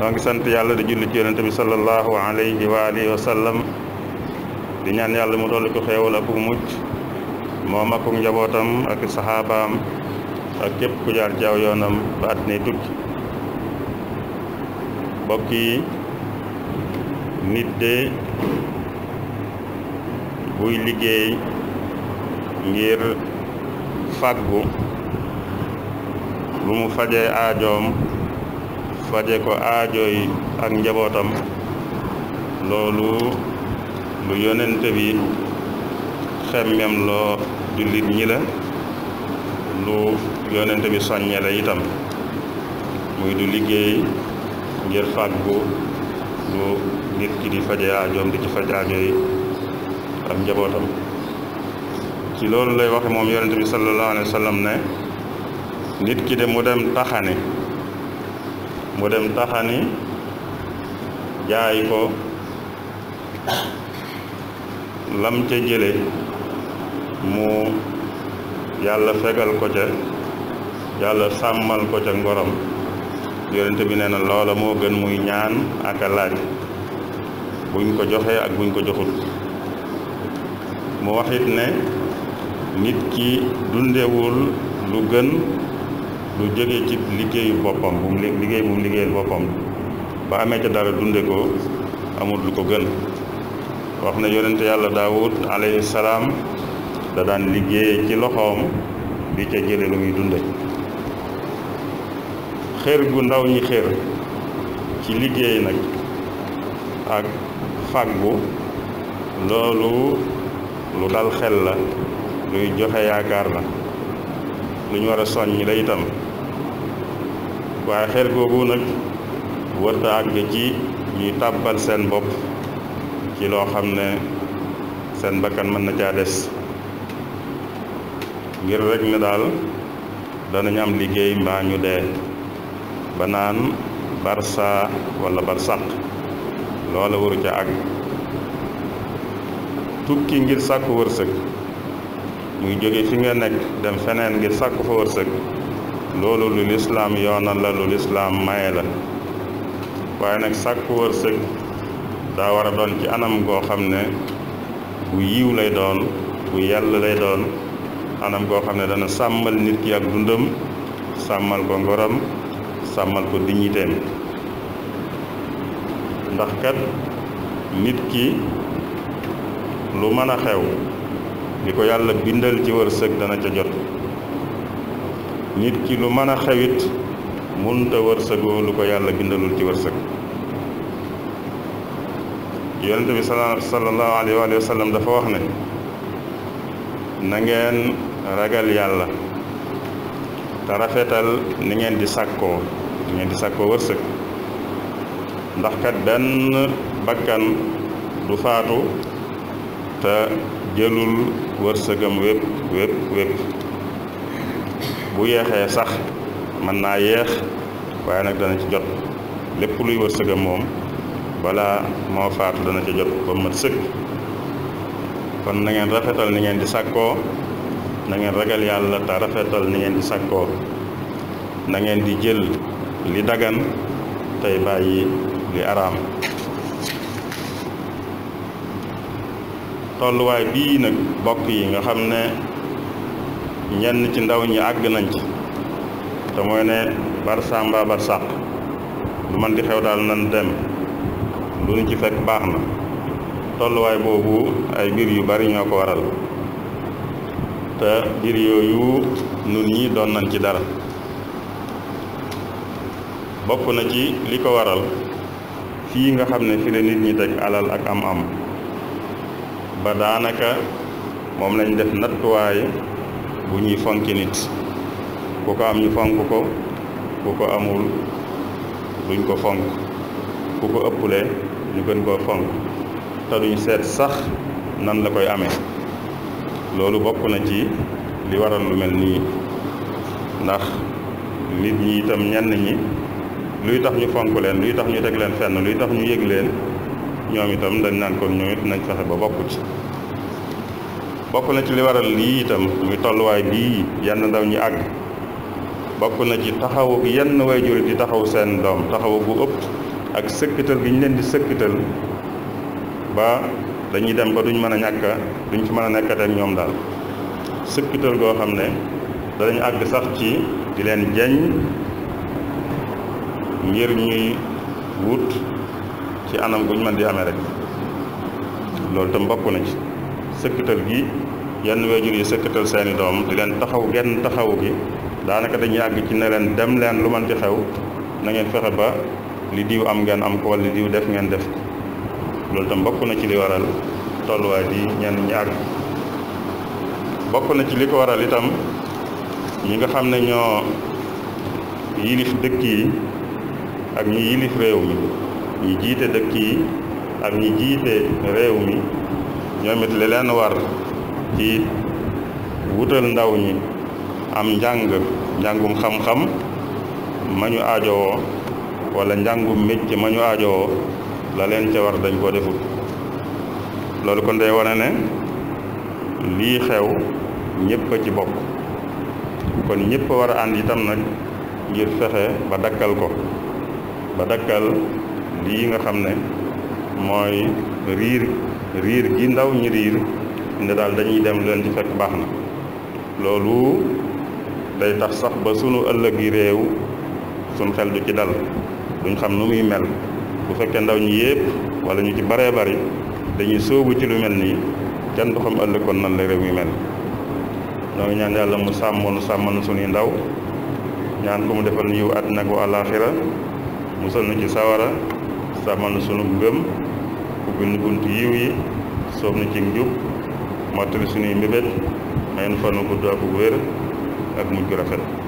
noo ngi sant yàlla di julli ci yonente bi sallallahu alayhi wa alihi wa sallam di ñaan yàlla mu dolli ko xeewal ak mucc moom ak njabootam ak saxaabaam ak képp ku jaar ci aw yoonam ba at nay tukki mbokk yi nit de buy liggéey ngir fàggu lu mu fajee aajoom faje ko aajo yi ak njabootam loolu lu yonente bi xemmem loo jullit ñi la lu yonente bi soññe la itam muy du liggéey ngir fàggu lu nit ki di faje aajoom di ci faj aajo yi ak njabootam ci loolu lay waxe moom yonente bi sallallahu alayhi wa sallam ne nit ki de mu dem taxane mu dem taxani jaay ko lam ca jële mu yàlla fegal ko ca yàlla sàmmal ko ca ngorom yonente bi nee na loola moo gën muy ñaan ak a laaj buñ ko joxee ak buñ ko joxul mu waxit ne nit ki dundewul lu gën lu jógee ci liggéeyu boppam bu mu liggéey bu mu liggéeyal boppam ba amee ca dara dunde ko amul lu ko gën wax na yonente yàlla daawud alayhi salaam da daan liggéey ci loxoom bi ca jële lu muy dunde xër gu ndaw ñi xër ci liggéey nag ak fàggu loolu lu dal xel la luy joxe yaakaar la lu ñu war a soññ la itam waa xel googu nag wërta àgg ci ñuy tàbbal seen bopp ci loo xam ne seen bakkan mën na caa des ngir rek ne daal danañu am liggéey mbaa ñu dee ba naan barsa wala barsaq loola waru ca àgg tukki ngir sàkku wërsëg muy jóge fi nga nekk dem feneen ngir sàkku fa wërsëg loolu lu lislaam yoonal la lu lislaam maye la waaye nag sàkku wërsëg daa war a doon ci anam goo xam ne bu yiw lay doon bu yàlla lay doon anam goo xam ne dana sàmmal nit ki ak dundam sàmmal ko ngoram sàmmal ko digniteem ndax kat nit ki lu mën a xew li ko yàlla bindal ci wërsëg dana ca jot nit ki lu mën a xewit munta wërsëgoo lu ko yalla bindalul ci wërsëg yonente bi sallallahu alaihi wa sallam dafa wax ne na ngeen ragal yalla ta rafetal ni ngeen di sakko ni ngeen di sakko wërsëg ndax kat ben bakkan du faatu ta jëlul wërsëgam web web web bu yeexee sax mën naa yeex waaye nag dana ci jot lépp luy wërsëga moom balaa moo faatu dana ci jot ba mat sëkk kon na ngeen rafetal ni ngeen di sàkkoo na ngeen ragal yàlla te rafetal ni ngeen di sàkkoo nangeen ngeen di jël li dagan tey bàyyi li araam tolluwaay bii nag bokk yi nga xam ne ñenn ci ndaw ñi ag nañ ci te mooy ne barsa bar barsàq lu man di xew dal nan dem lu ñu ci fekk baax na way bobu ay bir yu bari ñoko waral te bir yoyu nun ñi doon nañ ci dara bokku na ci liko waral fi nga xam fi la nit ñi tek alal ak am am ba danaka mom lañ def bu ñuy fonki nit ku ko am ñu fonk ko ku ko amul duñ ko fonk ku ko ëpple ñu gën koo fonk te duñ seet sax nan la koy amee loolu bokk na ci li waral lu mel nii ndax nit ñi itam ñenn ñi luy tax ñu fonk leen luy tax ñu teg leen fenn luy tax ñu yég leen ñoom itam dañ naan kon ñoom nañ fexe ba bokk ci bokk na ci li waral lii itam muy tolluwaay bii yenn ndaw ñi àgg bokk na ci taxawu yenn way jur di taxaw seen doom taxawu bu ëpp ak sëkkital gi ñu leen di sëkkital ba dañuy dem ba duñ mën a ñàkka duñ ci mën a nekkateeg ñoom daal sëkkital goo xam ne dalañu àgg sax ci di leen jeñ ngir ñuy wut ci anam guñ mën di amee rek loolu tam bokk na ci sëkkatal gi yenn waajur yi sëkkatal seeni doom di leen taxaw genn taxaw gi daanaka dañuy àgg ci ne leen dem leen lu man ci xew na fexe ba li diw am ngeen am ko wala li diw def ngeen def loolu tam bokk na ci li waral tolluwaay bi ñenn ñi bokk na ci li ko waral itam ñi nga xam ne ñoo yilif dëkk yi ak ñi yilif réew mi ñi jiite dëkk yi ak ñi jiite réew mi ñoom it li leen war ci wutal ndaw ñi am njàng njàngum xam-xam ma ñu aajowoo wala njàngum mécc mañu ñu aajowoo la leen ca war dañ koo deful loolu kon day wane ne lii xew ñëpp ci bokk kon ñëpp war a ànd itam nag ngir fexe ba dakkal ko ba dakkal lii nga xam ne mooy riir riir gi ndaw ñi riir ne daal dañuy dem leen di fekk baax na loolu day tax sax ba sunu ëllëgi réew sunu xel du ci dal duñ xam nu muy mel bu fekkee ndaw ñi yépp wala ñu ci baree bari dañuy sóobu ci lu mel nii kenn du xam ëllëg kon nan la réew mi mel ñoo ngi ñaan yàlla mu sàmmoon sàmmoon sunuy ndaw ñaan ko mu defal ñu yiw àddina ak àllaaxira musal nu ci sawara sàmmoon sunu gëm ubbil nu bunt yi soob nu ci njub mottali suñuy mbébét may nu fan nu gudd ak wér ak mujj gu rafet